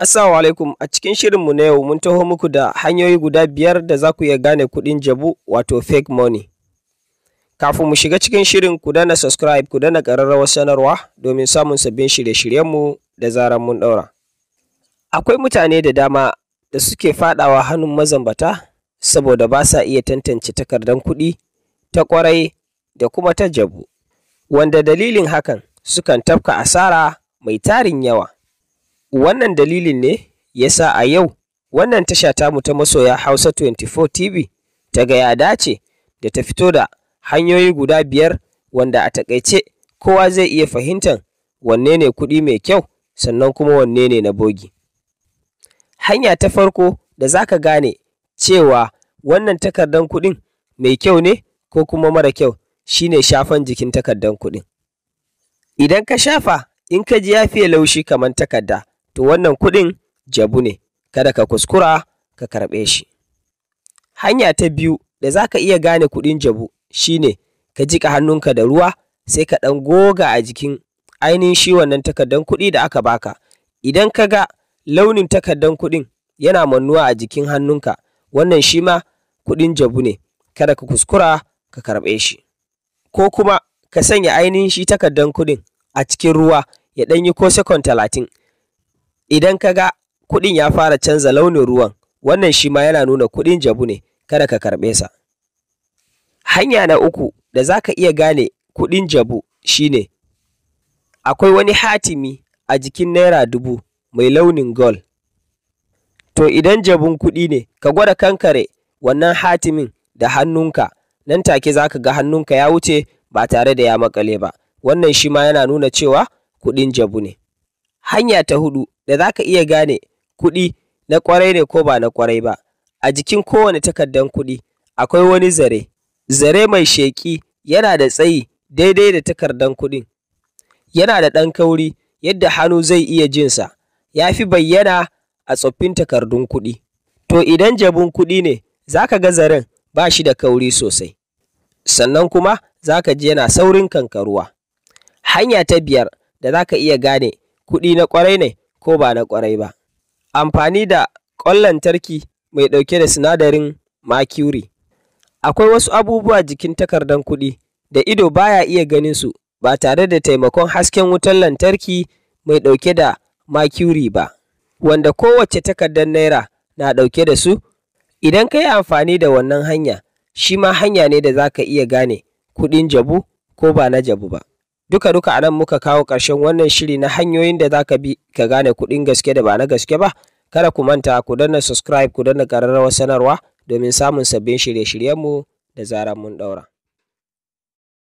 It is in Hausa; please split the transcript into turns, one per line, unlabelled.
Assalamu alaikum a cikin shirinmu na yau mun taho muku da hanyoyi guda biyar da za ku iya gane kuɗin jabu wato fake money. Kafin mu shiga cikin shirin ku dana subscribe ku dana ƙararrawar sanarwa domin samun sabbin shirye-shiryenmu da zarar mun ɗaura. Akwai mutane da dama da suke faɗawa hannun mazambata saboda ba sa iya tantance takardar kuɗi ta ƙwarai da kuma ta jabu, wanda dalilin hakan sukan tafka asara mai tarin yawa. Wannan dalilin ne ya sa a yau wannan tasha mu ta masoya Hausa 24 TV ta ga ya dace da ta fito da hanyoyi guda biyar wanda a takaice kowa zai iya fahimtar wanne ne kuɗi mai kyau sannan kuma wanne ne na bogi. Hanya ta farko da za ka gane cewa wannan takardan kuɗin mai kyau ne ko kuma mara kyau shi ne shafan jikin takardan kuɗin. Idan ka shafa in ka ji ya fiye laushi kamar takarda to wannan kuɗin jabu ne kada ka kuskura ka karɓe shi hanya ta biyu da za ka iya gane kuɗin jabu shine ka jiƙa hannunka da ruwa sai ka ɗan goga a jikin ainihin shi wannan takardan kuɗi da aka baka idan ka ga launin takardan kuɗin yana mannuwa a jikin hannunka wannan shi ma kuɗin jabu ne kada ka kuskura ka karɓe shi ko kuma ka sanya ainihin shi takardan kuɗin a cikin ruwa ya ɗan yi ko sekon talatin Idan ka ga kuɗin ya fara canza launin ruwan, wannan shi ma yana nuna kuɗin jabu ne, kada ka karɓe sa. Hanya na uku da za ka iya gane kuɗin jabu shine. akwai wani hatimi a jikin Naira dubu mai launin gol. To idan jabun kuɗi ne, ka gwada kankare wannan hatimin da hannunka, nan take za ka ga hannunka ya wuce ba tare da ya makale ba. Wannan shi ma yana nuna cewa kuɗin jabu ne. Hanya ta huɗu da za ka iya gane kuɗi na ƙwarai ne ko ba na ƙwarai ba. A jikin kowane takardan kuɗi akwai wani zare. Zare mai sheƙi yana da tsayi daidai da takardan kuɗin. Yana da ɗan kauri yadda hannu zai iya jinsa. Ya fi bayyana a tsoffin takardun kuɗi. To idan jabun kuɗi ne za ka ga zaren ba shi da kauri sosai. Sannan kuma za ka ji yana saurin kankaruwa. Hanya ta biyar da za ka iya gane kuɗi na ƙwarai ne ko ba na ƙwarai ba. Amfani da ƙwan lantarki mai ɗauke da sinadarin mercury. Akwai wasu abubuwa jikin takardar kuɗi da ido baya iya ganin su ba tare da taimakon hasken wutar lantarki mai ɗauke da mercury ba, wanda kowace takardar naira na ɗauke da su. Idan ka yi amfani da wannan hanya, shi ma hanya ne da za ka iya gane kuɗin jabu ko ba na jabu ba. Duka duka anan muka kawo ƙarshen wannan shiri na hanyoyin da za ka bi ka gane kuɗin gaske da ba na gaske ba. Kada ku manta ku danna subscribe ku danna ƙararrawar sanarwa domin samun sabbin shirye-shiryenmu da zarar mun ɗaura.